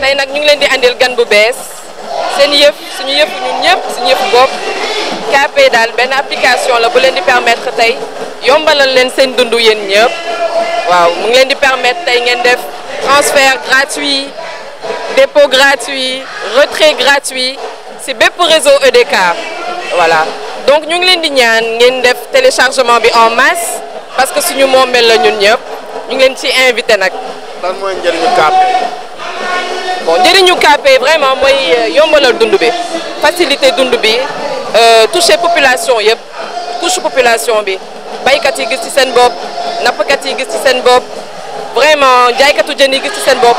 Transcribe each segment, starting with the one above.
tey nag ñu ngi leen di andil gan bu bees seen yëf suñu yëf ñun ñëpp suñu yëf bopp KP daal benn application la bu leen di permettre tey yomba yombalal leen seen dund yéen ñëpp waaw mu ngi leen di permettre tey ngeen def transfert gratuit dépôt gratuit retrait gratuit si bépp réseau EDK voilà donc ñu ngi leen di ñaan ngeen def téléchargement bi en masse parce que suñu moomeel la ñun ñëpp ñu ngi leen ci invité nag. lan mooy njëriñu KP. bon njëriñu CAP vraiment mooy euh, yombalal dund bi facilité dund bi euh, toucher population yëpp couche population bi baykat yi gis ci seen bopp nappkat yi gis ci seen bopp vraiment jaaykatu jën yi gis ci seen bopp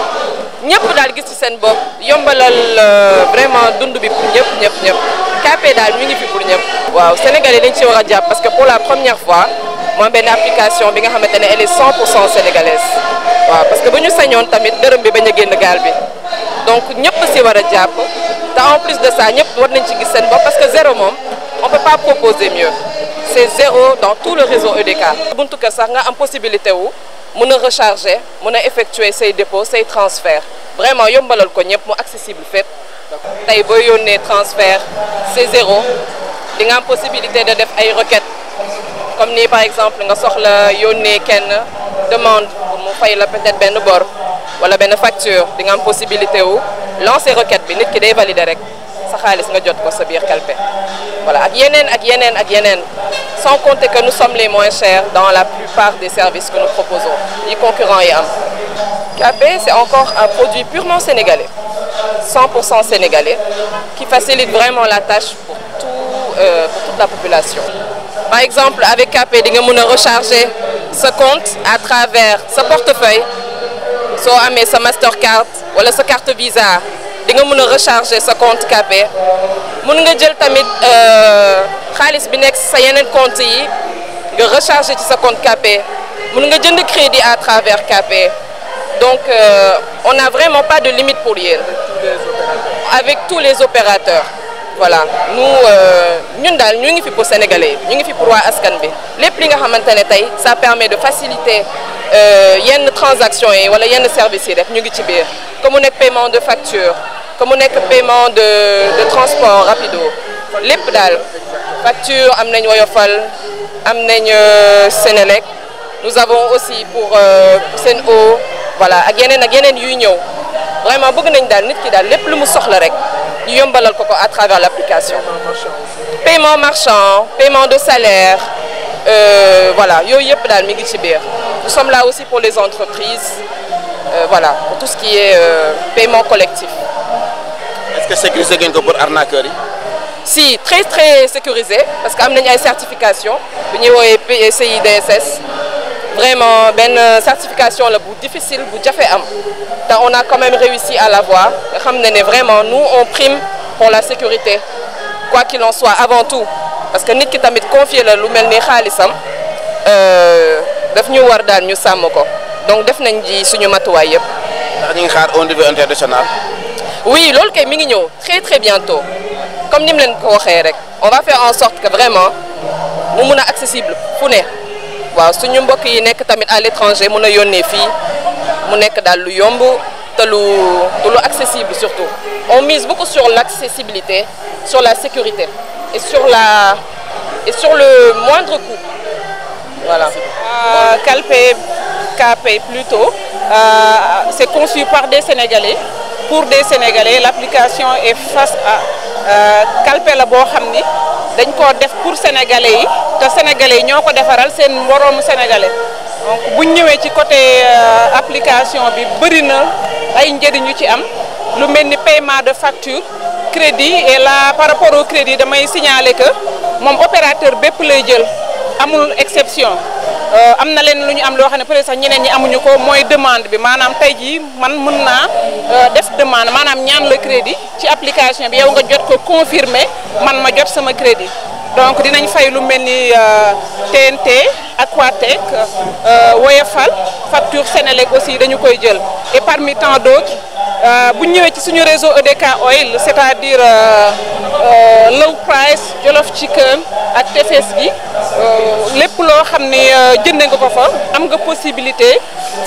ñëpp daal gis ci seen bopp yombalal euh, vraiment dund bi pour ñëpp ñëpp ñëpp daal ñu ngi fi pour ñëpp. waaw sénégalais dañ ci war a jàpp parce que pour la première fois mu am application bi nga xamante ne elle est 100 pour cent sénégalaise. waaw parce que bu ñu sañoon tamit dërëm bi bañ a génn gaal bi donc ñëpp si war a jàpp te en plus de ça ñëpp war nañ ci gis seen bopp parce que zéro moom on peut pas proposer mieux c'est zéro dans tout le réseau EDK. buntu kër sax nga am possibilité wu mun a recharger mun a effectuer say dépôts say transfert vraiment yombalal ko ñëpp mu accessible fépp tey booy yónnee transfert c'est zéro di nga am possibilité de def ay requêtes comme nii par exemple nga soxla yónnee kenn. demande pour mu fay la peut-être benn bor wala benn facture di nga am possibilité wu lancer requête bi nit ki day valider rek sa xaalis nga jot ko sa biir kalpe voilà ak yeneen ak yeneen ak yeneen sans compter que nous sommes les moins chers dans la plupart des services que nous proposons yi concurrents yi am KP un produit purement sénégalais 100% sénégalais qui facilite vraiment la tâche pour tout euh, pour toute la population Par exemple, avec KP, tu peux recharger sa compte à travers ce portefeuille, soit avec sa Mastercard ou sa carte Visa. Tu peux recharger ce compte KP. Tu peux tamit euh, xaalis bi nekk sa yeneen compte yi nga recharger ci sa compte KP mun nga jënd crédit à travers KP donc euh, on n'a vraiment pas de limite pour yéen avec tous les opérateurs voilà nous euh, ñun daal ñu ngi fi pour sénégalais ñu ngi fi pour waa askan bi lépp li nga xamante ne tey ça permet de faciliter euh, yenn transaction yi wala yenn services yi def ñu ngi ci biir comme mu nekk paiement de facture comme mu nekk paiement de de transport rapido lépp daal facture am nañ woyofal am nañ euh, Sénélec nous avons aussi pour Sen'Eau voilà ak yeneen ak yeneen yuy ñëw vraiment bëgg nañ daal nit ki daal lépp lu mu soxla rek. ñu yombalal ko ko à travers l' application. paiement marchand paiement de salaire euh, voilà yooyu yëpp daal mi ngi ci biir nous sommes là aussi pour les entreprises euh, voilà pour tout ce qui est euh, paiement collectif. ko pour arnaqueurs yi. si très très sécurisé parce que am nañu ay certification bu ñuy woowee CIDSS vraiment benn certification la bu difficile bu jafe am te on a quand même réussi à l'avoir xam ne ne vraiment nous on prime pour la sécurité quoi qu'il en soit avant tout parce que nit ki tamit confier la lu mel ni xaalisam euh, daf ñu war daal ñu sàmm ko donc def nañ ji suñu matuwaay yëpp. ndax ñu ngi xaar au niveau international. oui loolu kay mi ngi ñëw très très bientôt comme ni mu leen ko waxee rek on va faire en sorte que vraiment mu mun a accessible fu ne waaw suñu mbokk yi nekk tamit à l'étranger mun a yónnee fii mu nekk daal lu yomb. te lu te lu accessible surtout on mise beaucoup sur l'accessibilité sur la sécurité et sur la et sur le moindre coût voilà. Euh, euh, Calpé Kpay plutôt euh, c'est conçu par des Sénégalais pour des Sénégalais l'application est face à Calpé la boo xam ni dañ ko def pour sénégalais yi te sénégalais yi ñoo ko defaral seen moroomu sénégalais bu ñu ci côté application bi bëri na ay njëriñ yu ci am lu mel ni paiement de facture crédit et la par rapport au crédit damay signale que moom opérateur bépp lay jël amul exception Euh, am na leen lu ñu am loo xam ne peut sax ñeneen ñi amuñu ko mooy demande bi maanaam tey jii man mën naa euh, def demande maanaam ñaan la crédit ci application bi yow nga jot ko confirmer man ma jot sama crédit donc dinañ fay lu mel ni euh, TNT Aquatec Woyofal facture Sénélec aussi dañu koy jël et parmi tant d'autres bu ñu ñëwee ci suñu réseau EDK Oil c'est-à-dire low price jolof ci kër ak tefes gi euh, lépp loo xam ne euh, jënd nga ko fa am nga possibilité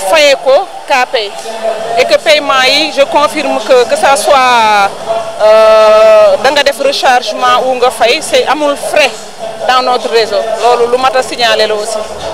fayee ko ka pay et que paiement yi je confirme que que ça soit euh, da nga def rechargement ou nga fay c'est amul frais dans notre réseau loolu lu mat a signaler la aussi